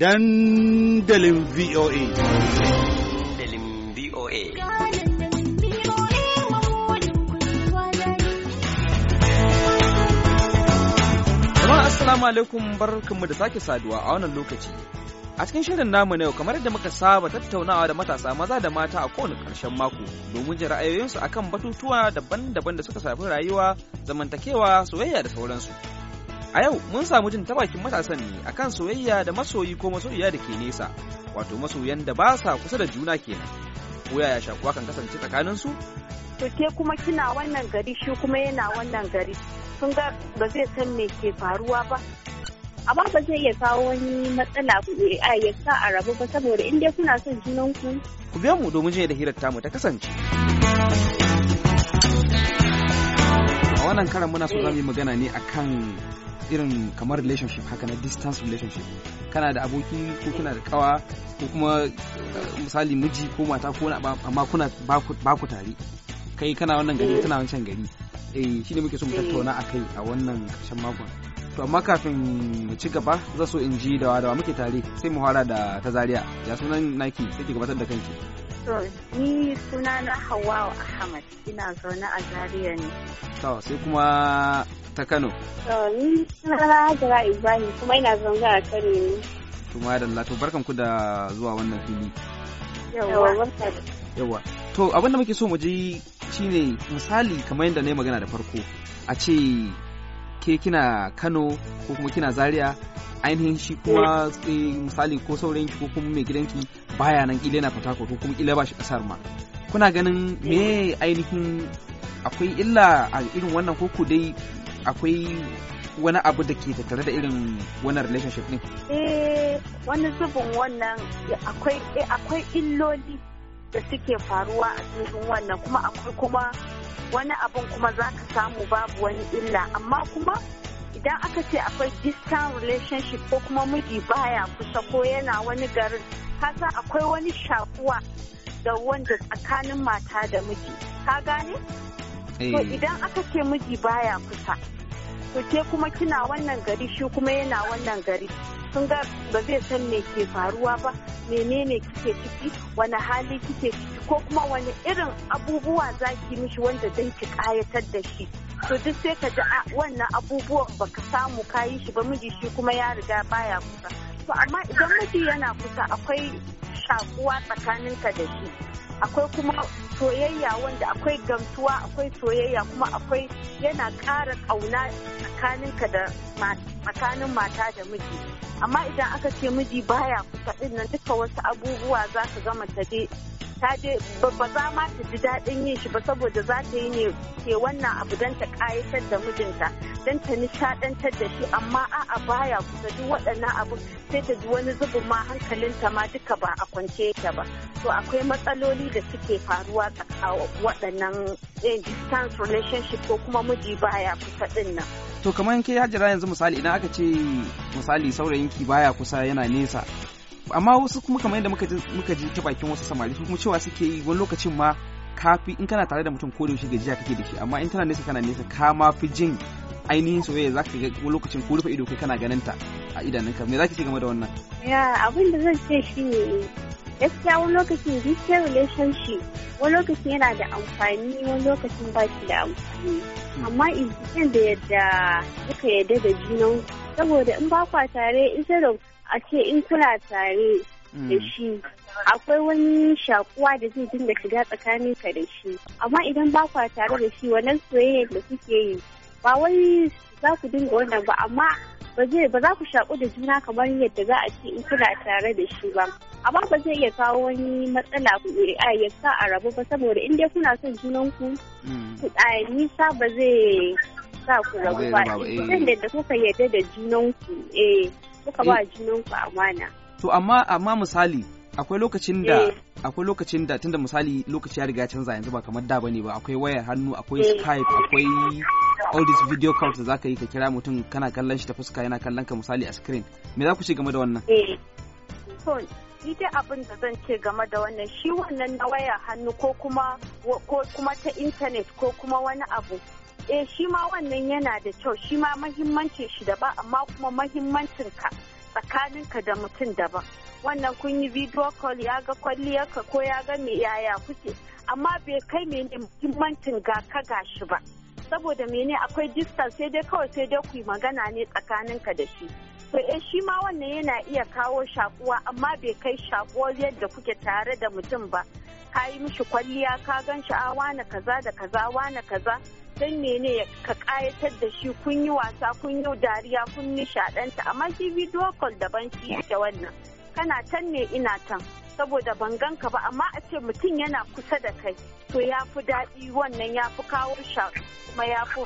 dandalin VOA. Dandalin VOA. Assalamu alaikum barkanmu da sake saduwa a wannan lokaci. A cikin shirin namu na yau kamar yadda muka saba tattaunawa da matasa maza da mata a kowane ƙarshen mako domin jin ra'ayoyinsu akan batutuwa daban-daban da suka shafi rayuwa, zamantakewa, soyayya da sauransu. A yau mun samu jin ta bakin matasan ne akan soyayya da masoyi ko masoyiya da ke nesa, wato masoyan da ba sa kusa da juna kenan. Ko yaya shakuwa kan kasance tsakanin su? To ke kuma kina wannan gari shi kuma yana wannan gari. Sun ga ba zai san me ke faruwa ba. Amma ba zai iya kawo wani matsala a eh, ya sa a rabu ba saboda inda kuna son junanku. Ku biya mu domin jiya da hirar tamu ta kasance. A wannan karan muna so zamu yi magana ne akan irin kamar relationship haka na distance relationship kana da aboki ko kuna da kawa ko kuma eh, misali miji ko mata ko amma kuna ba ku tare kai kana wannan gari tana wancan gari eh shi ne muke so mu tattauna a kai a wannan karshen makon to amma kafin mu ci gaba za so in ji da dawa muke tare sai mu fara da ta Zariya ya sunan naki sai ki gabatar da kanki To, ni suna na Hawwa Ahmad, ina zaune a Zaria ne. To, sai kuma ta Kano. To, ni suna na Hajara Ibrahim kuma ina zaune a Kano ne. Tuma da Allah, to barkan ku da zuwa wannan fili. Yawa, Yawa. To, abin da muke so mu ji shine misali kamar yadda na yi magana da farko, a ce ke kina Kano ko kuma kina Zaria ainihin shi kuma eh, misali ko saurayinki ko kuma mai gidanki baya nan ƙila yana fata ko kuma ƙila ba shi ƙasar ma kuna ganin me ainihin akwai illa a irin wannan koko dai akwai wani abu da ke tattare da irin wannan relationship din Eh, wani zubin wannan eh, akwai illoli da suke faruwa a cikin wannan kuma akwai kuma wani abun kuma zaka samu babu wani illa amma kuma idan aka ce akwai distant relationship ko kuma miji baya kusa ko yana wani garin kasa akwai wani shakuwa da wanda tsakanin mata da miji ka gane to eh. idan aka ce miji baya kusa to ke kuma kina wannan gari shi kuma yana wannan gari sun ga ba zai san me ke faruwa ba menene kike ciki wani hali kike ciki ko kuma wani irin abubuwa za ki mishi wanda zai ki kayatar da shi to duk sai ka ji wannan abubuwan baka samu kayi shi ba miji shi kuma ya riga baya kusa to amma idan miji yana kusa akwai shakuwa tsakaninka da shi akwai kuma soyayya wanda akwai gamsuwa akwai soyayya kuma akwai yana ƙara ƙauna tsakaninka da tsakanin mata da miji amma idan aka ce miji baya kusa ɗin nan duka wasu abubuwa za ka gama ta ta ba za ma ta ji daɗin yin shi ba saboda za ta yi ne ke wannan abu don ta ƙayatar da mijinta don ta nishaɗantar da shi amma a'a baya kusa duk waɗannan abu sai ta ji wani zubin ma hankalinta ma duka ba a kwance ta ba to akwai matsaloli da suke faruwa a waɗannan eh, distance relationship ko kuma miji baya kusa ɗin nan. to kamar ke hajjira yanzu misali idan aka ce misali saurayinki baya kusa yana nesa amma wasu kuma kamar yadda muka ji ta bakin wasu samari kuma cewa suke yi wani lokacin ma kafi in kana tare da mutum ko da yaushe gajiya kake da shi amma in tana nesa kana nesa ka ma fi jin ainihin soyayya za ka ga wani lokacin ko rufe ido kai kana ganin ta a idanunka me za ki ce game da wannan ya abin da zan ce shi ne gaskiya wani lokacin gaskiya relationship wani lokacin yana da amfani wani lokacin ba shi da amfani amma idan da yadda kuka yadda da junan saboda in ba kwa tare instead of a ce in kuna tare mm. da shi akwai wani shakuwa da zai dinga shiga tsakanin ka da shi amma idan ba kwa tare da shi wannan soyayyar da kuke yi ba wai za ku dinga wannan ba amma ba zai ba za ku shaku da juna kamar yadda za a ce in kuna tare da shi ba amma ba zai iya kawo wani matsala ku a ya sa a rabu ba saboda in dai kuna son junan mm. ku ku nisa ba zai sa ku rabu ba eh. da kuka yarda da junan ku eh kuka ba eh. jinin ku amana to amma amma misali akwai lokacin da eh. akwai lokacin da tunda misali lokaci ya riga canza yanzu ba kamar da bane ba akwai wayar hannu akwai eh. skype akwai all these video calls da zaka yi ka kira mutum kana kallon shi ta fuska yana kallon ka misali a screen me za ku ce game da wannan to ni dai abin da zan ce game da wannan shi wannan na wayar hannu ko kuma ko kuma ta internet ko kuma wani abu eh shi ma wannan yana da kyau shi ma mahimmancin shi ba amma kuma mahimmancin ka tsakaninka da mutum daban wannan kun yi video call ya ga ka ko ya ga me yaya kuke amma bai kai mene muhimmancin ga ka gashi ba saboda mene akwai distance sai dai kawai sai dai ku yi magana ne tsakanin ka da shi to eh shi ma wannan yana iya kawo shakuwa amma bai kai shakuwar yadda kuke tare da mutum ba ka yi mishi kwalliya ka gan sha'awa ah, na kaza da kaza na kaza don mene ka kayatar da shi kun yi wasa kun yi dariya kun nishaɗanta amma shi video call daban shi ita wannan kana can ne ina can saboda ban ganka ba amma a ce mutum yana kusa da kai to ya fi daɗi wannan ya fi kawo sha kuma ya fi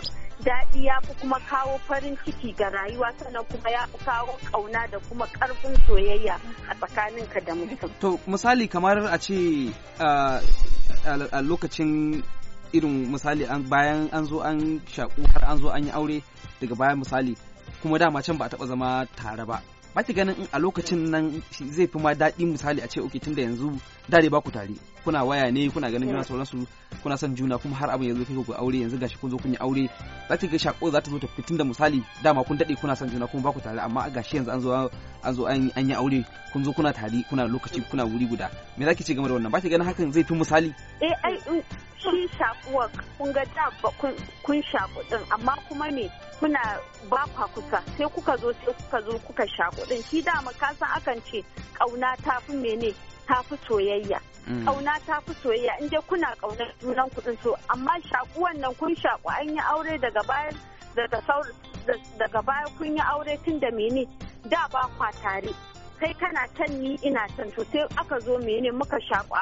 daɗi ya fi kuma kawo farin ciki ga rayuwa sannan kuma ya fi kawo ƙauna da kuma ƙarfin soyayya a tsakaninka da mutum. To misali kamar a ce a lokacin irin misali bayan an zo an shaƙu har an zo an yi aure daga bayan misali kuma dama can ba a taɓa zama tare ba ba ki ganin a lokacin nan zai fi ma daɗi misali a ce oke tun da yanzu dare ba ku tare kuna waya ne kuna ganin juna sauransu kuna son juna kuma har abin yanzu kai ku aure yanzu gashi kun zo kun yi aure za ta ga shako za ta zo ta fitin da misali dama kun dade kuna son juna kuma ba ku tare amma gashi yanzu an zo an zo an yi aure kun zo kuna tare kuna lokaci kuna wuri guda me zaki ce game da wannan ba ki ganin hakan zai fi misali eh ai shi shakuwa kun ga da kun shaku din amma kuma me kuna ba kwa kusa sai kuka zo sai kuka zo kuka shaku din shi dama ka san akan ce kauna ta fi mene ta fi soyayya ƙauna mm. ta fi soyayya in dai kuna kaunar junan kuɗin so amma shakuwan nan kun shaku an yi aure daga baya daga baya kun yi aure tun da mene da ba kwa tare kai kana can ni ina can to sai aka zo mene muka shaku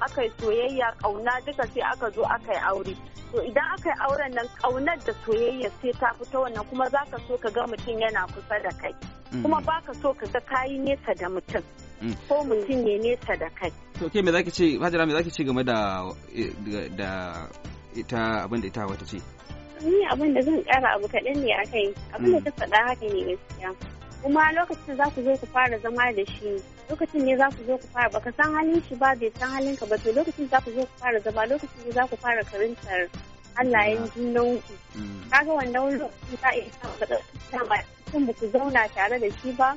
aka yi soyayya kauna duka sai aka zo aka aure to idan aka yi auren nan kaunar da soyayya sai ta fita wannan kuma zaka so ka ga mutum yana kusa da kai mm. kuma baka so ka ga kayi nesa da mutum ko mutum ne nesa da kai to ke me zaki ce hajara me zaki ce game da e, da ita abin da ita wata ce ni abin da zan kara abu kaɗan ne akai abin da mm. ta faɗa haka ne gaskiya kuma lokacin za ku zo ku fara zama da shi lokacin ne za ku zo ku fara baka san halin shi ba bai san halin ka ba to lokacin za ku zo ku fara zama lokacin ne za ku fara karantar halayen mm. junan mm. Ka kaga wannan lokacin za a iya samun da ba ku zauna tare da shi ba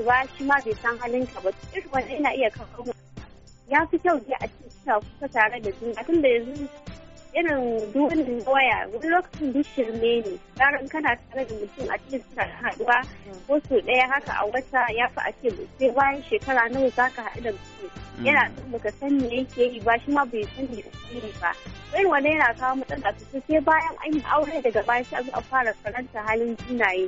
su ba shi ma bai san halin ka ba duk wanda yana iya kawo mu ya fi kyau dai a cikin ta kuka tare da juna tunda yanzu irin duwin waya wani lokacin duk shirme ne ranar kana tare da mutum a cikin suna haɗuwa ko su ɗaya haka a wata ya fi a ce sai bayan shekara nawa za ka haɗu da mutum mm. yana baka san me yake yi ba shi ma bai san me yake ba irin wani yana kawo matsala sosai sai bayan an yi aure daga baya sai a fara karanta halin junaye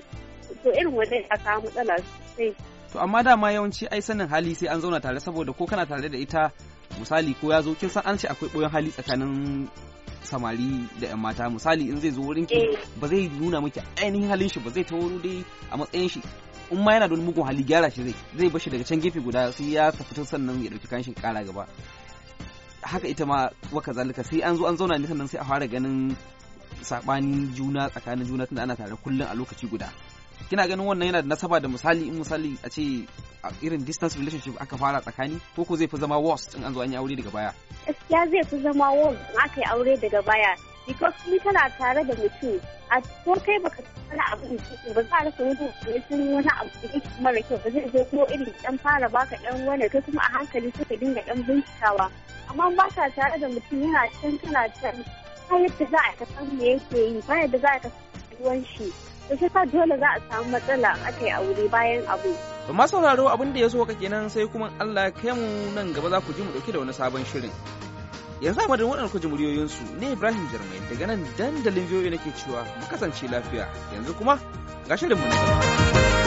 to irin wanda yana kawo matsala sosai to amma dama yawanci ai sanin hali sai an zauna tare saboda ko kana tare da ita misali ko ya zo kin san an ce akwai ɓoyon hali tsakanin samari da 'yan mata misali in zai zo wurin ki eh. ba zai nuna miki ainihin halin shi ba zai ta wuri dai a matsayin shi in ma yana da wani mugun hali gyara shi zai zai bashi daga can gefe guda sai ya tafi sannan ya dauki kanshin kara gaba haka ita ma waka zalika sai an zo an zauna ne sannan sai a fara ganin sabanin juna tsakanin juna tunda ana tare kullum a lokaci guda kina ganin wannan yana da nasaba da misali in misali a ce irin distance relationship aka fara tsakani ko ko zai fi zama worst in an zo an yi aure daga baya gaskiya zai fi zama worst in aka yi aure daga baya because ni tana tare da mutum a ko kai baka tsara abin da ba za a rasa wani ne sun wani abu da ke mara kyau ba zai zo ko irin dan fara baka dan wani kai kuma a hankali suka dinga dan bincikawa amma ba ta tare da mutum yana can tana can ba yadda za a ka san me yake yi ba yadda za a ka san ruwan shi da shi dole za a samu matsala aka yi aure bayan abu. To ma sauraro abin da ya so ka kenan sai kuma Allah ya kai mu nan gaba za ku ji mu dauke da wani sabon shirin. Yanzu a madadin waɗanda ku muryoyinsu ne Ibrahim Jarmai daga nan dandalin biyoyi nake cewa mu kasance lafiya yanzu kuma ga shirin mu na gaba.